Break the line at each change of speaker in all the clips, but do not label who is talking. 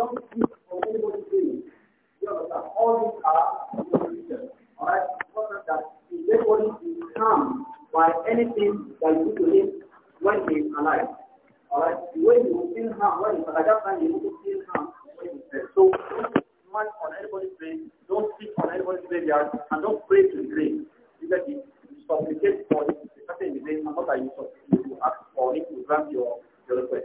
don't speak for anybody to You understand? All these are religion. Alright? Because that if anybody is by anything that you do to him when he is alive. Alright? The you will feel harm when you will feel harm when he's dead. So don't march on anybody's grave, don't sit on anybody's graveyard, and don't pray to grave. You get You supplicate for it, the person in the not that you supplicate, for him to grant your, your request.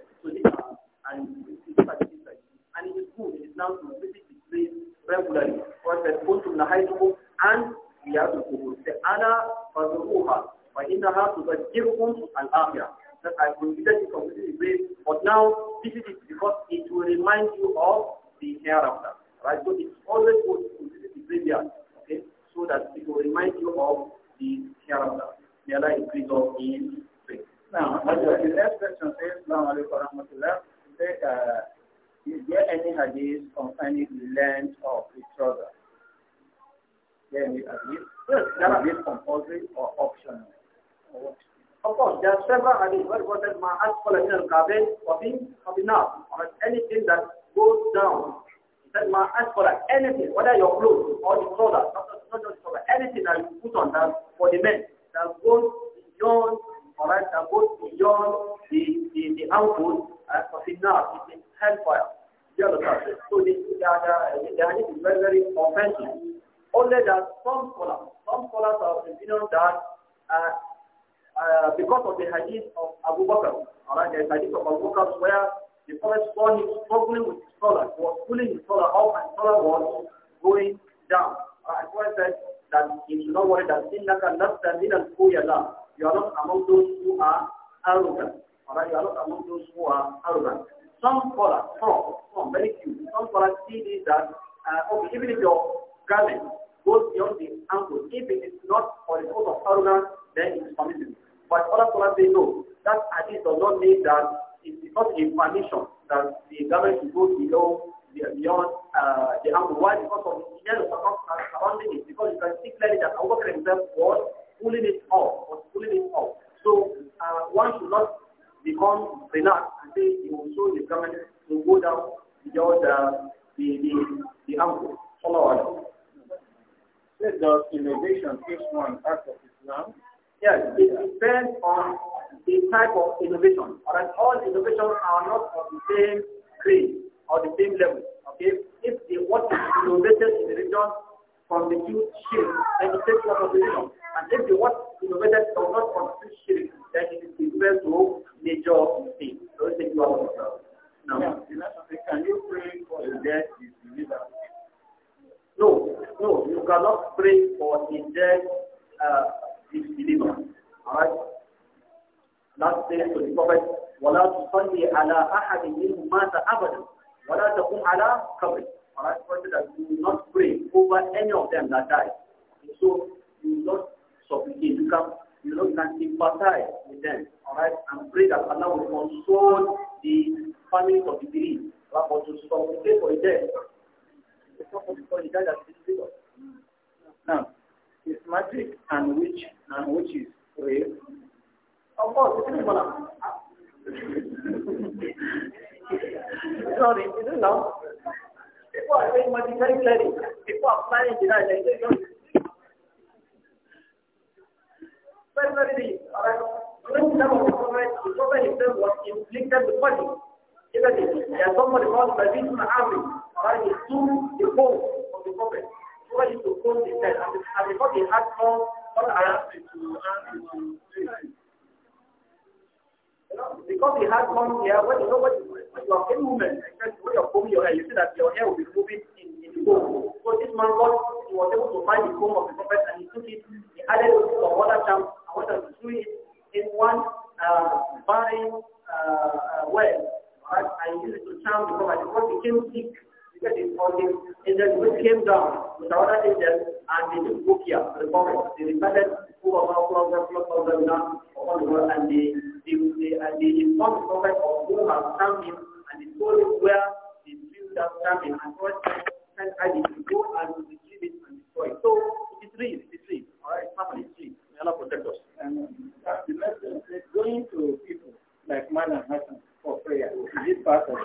now to visit the place regularly. What said, Kuntum Nahaytukum and Riyadul Qubur. Say, Ana Fazuruha, wa innaha tuzakkirukum and akhirah That I prohibited you from visiting the grave, but now visit it because it will remind you of the hereafter. Right? So it's always good to visit the graveyard, okay? So that it will remind you of the hereafter. May Allah increase us in faith. Now, the next question says, Assalamu alaikum wa rahmatullah. Is there any hadith concerning the length of each other? There any hadith? Yes, there are hadith compulsory or optional. Of course, there are several hadith where God says, "My ask for a kabel or being or anything that goes down." That said, "My ask anything, whether your clothes or the trouser, not, not just trouser, anything that you put on that for the men that goes beyond, all right, that goes beyond the the, the output uh, of enough." hellfire. You understand? So the, the, the, the hadith is very, very offensive. Only that some scholars, some scholars are opinion that uh, uh, because of the hadith of Abu Bakr, alright, the hadith of Abu Bakr where the Prophet saw him struggling with his scholar, he was pulling his scholar up and scholar was going down. Alright, the Prophet said that he should not worry that Sinnaka Nasta Minan Kuyala, you are not among those who are arrogant. Alright, you are not among those who are arrogant. Some scholars, from from many few, some scholars see this that, uh, okay, even if your garment goes beyond the ankle, if it is not for the cause of arrogance, then it is permissible. But other scholars say no, that at hadith does not mean that it is not a permission that the garment should go below beyond uh, the ankle. Why? Because of the yellow circumstance surrounding it. Because you can see clearly that Abu Bakr himself was pulling it off, was pulling it off. So uh, one should not become relaxed and say you will soon become to go down beyond uh, the the the, the ankle. Follow Let the innovation is one act of Islam. Yes, it depends on the type of innovation. Alright, all innovations are not of the same grade or the same level. Okay, if the what is innovated in the region from the two shield, then it takes a region. And if you want to know innovated does not on this shirk, then it is referred to major sin. So it's a two out of No. Yeah. Can you pray for the dead believer? No, no, you cannot pray for the dead uh, believer. Alright? Last day to the Prophet, وَلَا تُصَلِّي عَلَىٰ أَحَدٍ مِنْهُمْ مَاتَ أَبَدًا وَلَا تَقُمْ عَلَىٰ قَبْرٍ Alright, Prophet, will not pray over any of them that died. So, you not supplicate, you can you know, can sympathize with them, all right, and pray that Allah will console the families of the bereaved. But to supplicate for them, it's not for the guy that is difficult. Now, is magic and witch and witches, real. Of course, it is one Sorry, you know, people are saying magic very clearly. People are planning denial, they say, somebody, isn't it? There's somebody called Babin Army, that is you know, because he had one hair, when you know what you are in movement, when you're combing your hair, you see that your hair will be moving in, in the comb. So this man got, he was able to find the comb of the prophet and he took it, he added it to some water champ and went and threw it in one uh, vine down with other and they took Bukia, the province. They repented upon the world and they, they, they, and they informed the prophet of who had scammed him and they told him where they drew that scamming and God sent Adi to go and retrieve it
and destroy it. So it is real, it is real. Alright, family, it's real. May Allah protect us.
And the message is going to people like Man and for prayer. Is it part of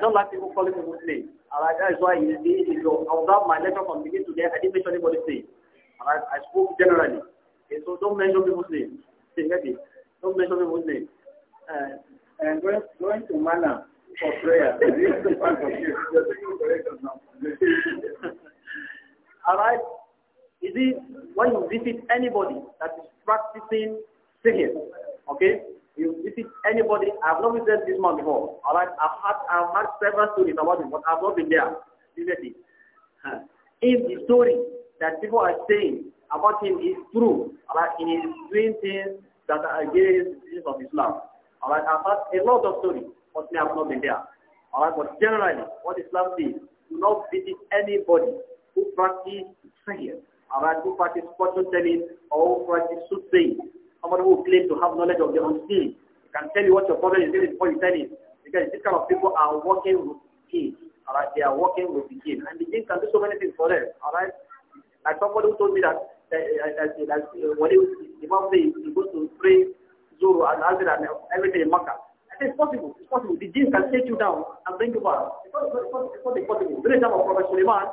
I don't like people calling me Muslim. Alright, that is why you see, if you observe my letter from beginning to end, I didn't mention anybody Muslim. Alright, I spoke generally. Okay, so don't mention me Muslim. See, get it? Don't mention me Muslim. Uh, and going, going to Mana for prayer. Alright, is it when you visit anybody that is practicing singing, okay? you visit anybody, I've not visited this man before. All right, I've had I've had several stories about him, but I've not been there physically. Huh. If the story that people are saying about him is true, all right, he is doing things that are against the teachings of Islam. All right, I've had a lot of stories, but I have not been there. All right, but generally, what Islam says, do not visit anybody who practices prayer, all right, who practices fortune telling or who practices soothsaying someone who claims to have knowledge of the unseen. He can tell you what your problem is even before you tell him. Because these kind of people are working with kids. All right, they are working with the jinn, and the jinn can do so many things for them. All right, like somebody who told me that that, that, that uh, when he Imam says he goes to pray Zoro and Azir and everything in Makkah. I said it's possible. It's possible. The jinn can take you down and bring you back. It's not, it's not, it's not, it's During the time of Prophet Suleiman,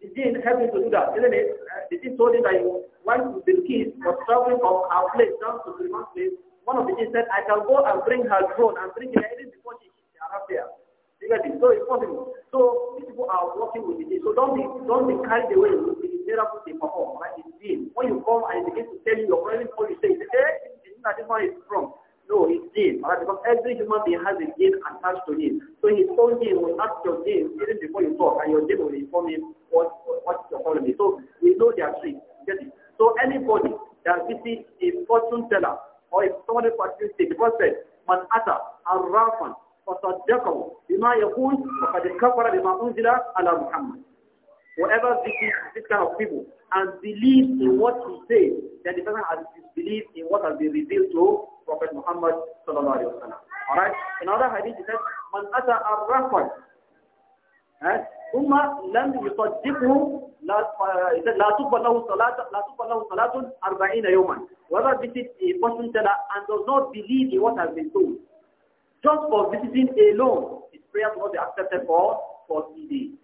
did he help him to do that? Isn't it? Uh, did he told him that when the kids was traveling from our place down to Suleiman's place, one of the kids said, I can go and bring her drone and bring her in before she arrives there. You get it? So it's possible. So these people are working with the So don't be, don't be carried away with the miracle they perform, right? has been. When you come and begin to tell you your problem, all you say is, hey, this is not this one is wrong. No, his deen. Right? Because every human being has a deen attached to him. So his own deen will ask your deen even before you talk, and your deen will inform him what, what your problem is. So we know their tree. Get it? So anybody that visits a fortune teller or if somebody practices the God said, Man ata arrafan fasaddaqahu bima yakun faqad kafara bima unzila ala Muhammad whoever visits this kind of people and believes in what he says, then the person has disbelieved in what has been revealed to Prophet Muhammad sallallahu alaihi wasallam. All right. In other hadith, it says, "Man ata arrafan, ثم لم يصدقه لا تقبل لا تقبل له صلاة أربعين يوما. Whoever visits a fortune teller and does not believe in what has been told, just for visiting alone, his prayers will not be accepted for 40 days.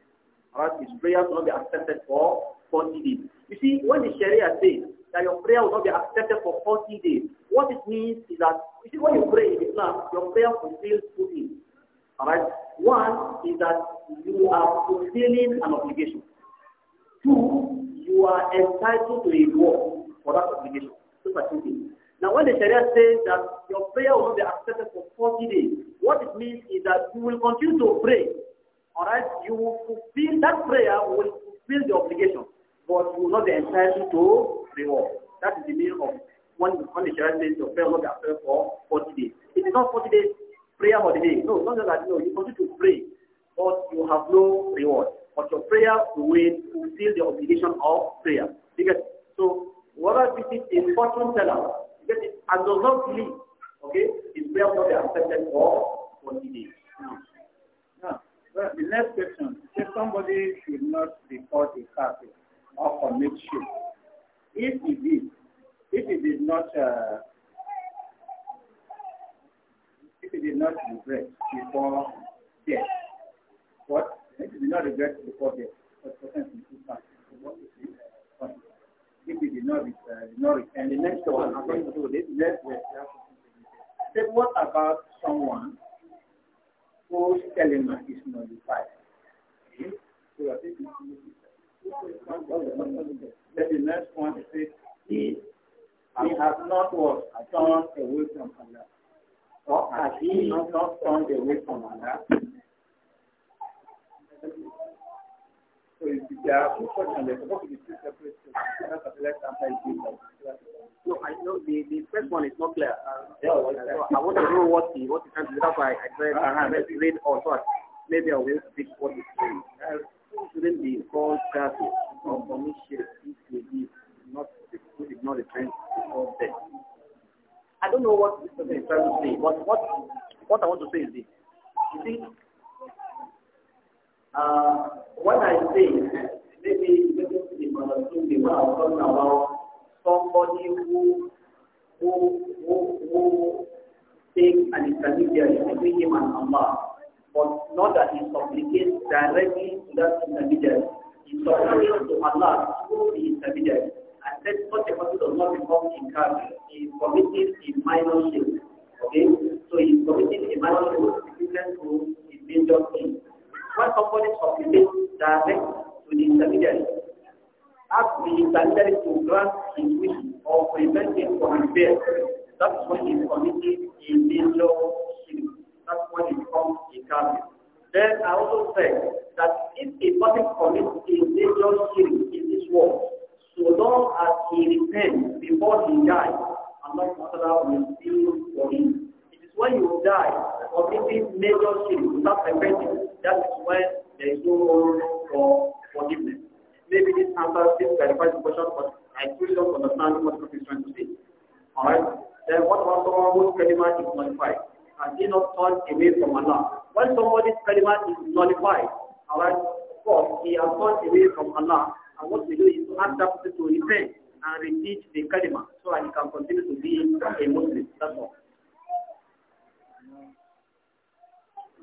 Alright, his prayer will not be accepted for 40 days. You see, when the Sharia says that your prayer will not be accepted for 40 days, what it means is that, you see, when you pray in Islam, your prayer fulfills two things. Alright? One is that you are fulfilling an obligation. Two, you are entitled to a reward for that obligation. Those are two things. Now, when the Sharia says that your prayer will not be accepted for 40 days, what it means is that you will continue to pray Alright, you will fulfill that prayer will fulfill the obligation, but you will not be entitled to reward. That is the meaning of when when the Sharia says your prayer will not be for forty days. It is not forty days prayer for the day. No, not just that no, you continue to pray, but you have no reward. But your prayer will fulfill the obligation of prayer. Because so what this is a fortune teller, because it does not believe, okay, his prayer will not be accepted for forty days next question, if somebody should not report a kafir or commit shirk, if he did, if he did not, uh, if he did not regret before death, what? If he did not regret before death, what percent is too far? What is the If he did not, uh, did not repent, the next one, I'm going to do this, next question. Say, what about someone whole element is nullified. Okay? Then the next one is say he has not what turned away from Allah. Or has he not, not turned away from Allah? So if there are two questions, there are supposed to be two separate questions. the left No, I know the, the first one is not clear. Uh, yeah, so I want to know what the what the time is. That's why I uh-huh. read uh, read, read or so maybe I will speak what is saying. Uh, shouldn't be called traffic or pernicious if they give not food is not a trend of them. I don't know what this person is trying to say, but what what I want to say is this. You see, uh, what I say maybe maybe the when I was talking about somebody who who who who takes an intermediary between him and Allah, but not that he supplicates directly to that intermediary. He supplicates to Allah through the intermediary. And then such a person does not become incapable. He is committing a minor sin. Okay? So he is a minor sin equivalent to a major sin. When somebody supplicates directly to the intermediary, he is directed to grant his wish or prevent him from rebelling, that's when he is committing a major sin. That's when he becomes a kafir. Then I also said that if a person commits a major sin in this world, so long as he repents before he dies, Allah Ta'ala will still for him. It is when you die committing major sin without repenting, that is when there is no room for forgiveness maybe this answer is clarifies the question, but I still don't understand what Prophet is trying to say. Alright? Then what about someone whose kalima is nullified? Has he not turned away from Allah? When somebody's kalima is nullified, alright, course he has turned away from Allah, and what we do is to ask that person to repent and repeat the kalima so that he can continue to be a Muslim. That's all.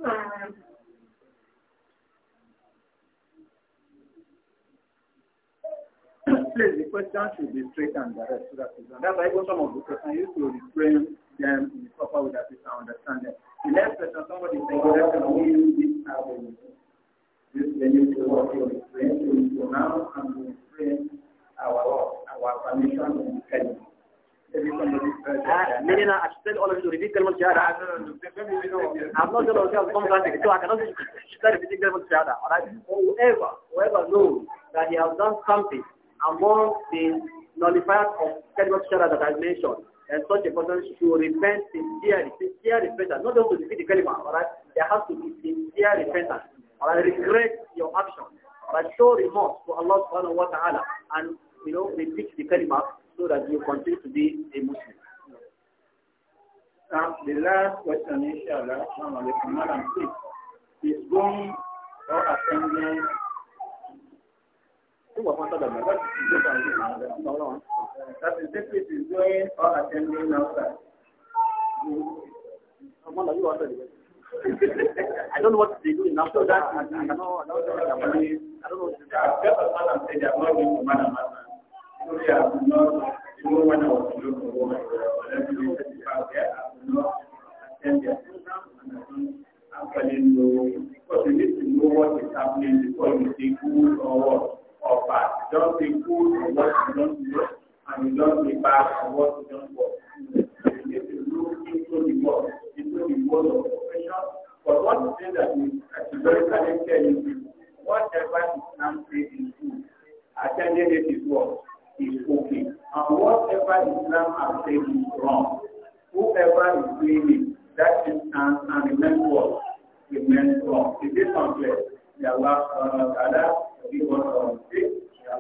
Um, place, the question should be straight and direct to that person. That's why even some of the questions used to reframe them in the proper way that people understand them. The next question, somebody is saying, well, we use this avenue. This venue to work in reframe to pronounce and reframe our work, our permission and dependence. Ah, meaning, I should tell all of you to repeat Kalman Shahada. I'm not going to tell you, so I cannot start repeating Kalman Shahada. Whoever, whoever knows that he has done something among the nullifiers of Kedros Shara that I mentioned, and such a person should repent sincerely, sincere repentance, not just to defeat the Kalima, alright? There has to be sincere repentance, alright? Regret your action, but Show remorse to Allah subhanahu wa ta'ala and, you know, repeat the Kalima so that you continue to be a Muslim. Now, the last question, inshallah, madam, is going or attending That is definitely doing or attending I don't know what they do in after that. I don't know. I don't know. I don't know. Yeah, not, you know, when I was looking for women, I was looking for there, I would not attend their program, I don't know, what is happening before you or back. Don't be good on what you don't know, and you don't be bad on what you don't If You look into the world, into the world of profession. But one thing that we that is categorically telling you, whatever is not says is good, attending it is what? Is okay. And whatever Islam has said is wrong. Whoever is doing it, that is and, and remains what? wrong. Is it complex? The Allah subhanahu wa ta'ala, give us all.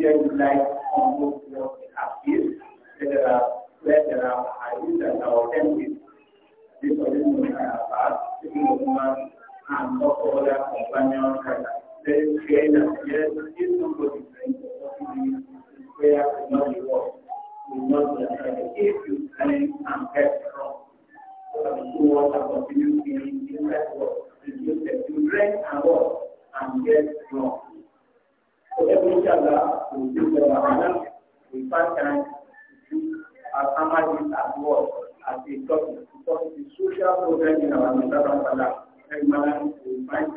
there is like on those fields in Hafiz, where there are, where there are hadith that are authentic. This original Arafat, taking the woman and also other companions that very clear that yes, if somebody brings the possibility, prayer will not be worth. We must be affected if you claim and get wrong. So want to continue being in that world, reduce the children and work and get strong. So inshallah, we is a find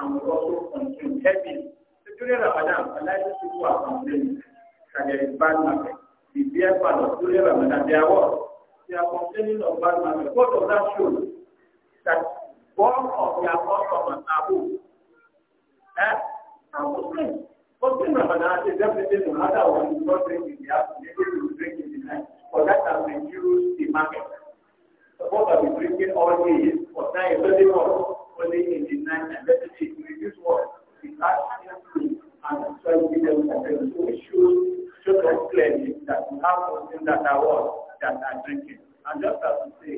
and also consume heavily. So during Ramadan, Allah is people are complaining that there is bad market. The bear part of during Ramadan, they are what? They are complaining of bad market. What does that show? That one of their customers are who? Eh? Are Muslims. But in Ramadan, they definitely no matter what you not drink in the afternoon, maybe you drink in the night. But that has reduced the market. So what are we drinking all day for nine, thirty more? falling in the night and let it reduce what? The action and so we them So we should show us clearly that we have something that are what? That are drinking. And just as we say,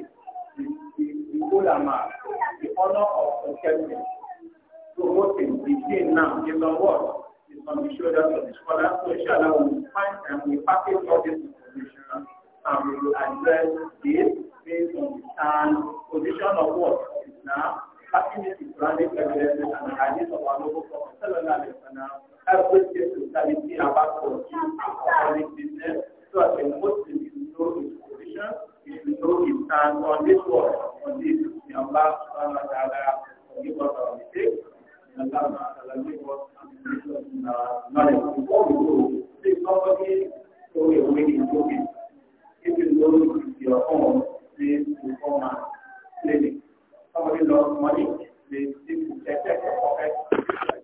the, the, the ulama, the honor of the Kelvin, promoting the king now is on what? It's on the shoulders of the scholars So inshallah we find and we package all this information and we will address this based on the stand position of what is now having this Islamic evidence and hadith of our noble Prophet Sallallahu Alaihi Wasallam helps us get totality about Islamic business so that the Muslim will know his position, he will know his on this world, on this. May Allah subhanahu wa ta'ala forgive us our mistakes. May Allah subhanahu wa ta'ala Before we go, please somebody throw away his token. If you know it is your own, please inform a Clinic. ọmọdé lọ mọ́lẹ̀ lè dínkù ẹ̀ẹ́dẹ́gbẹ̀ẹ́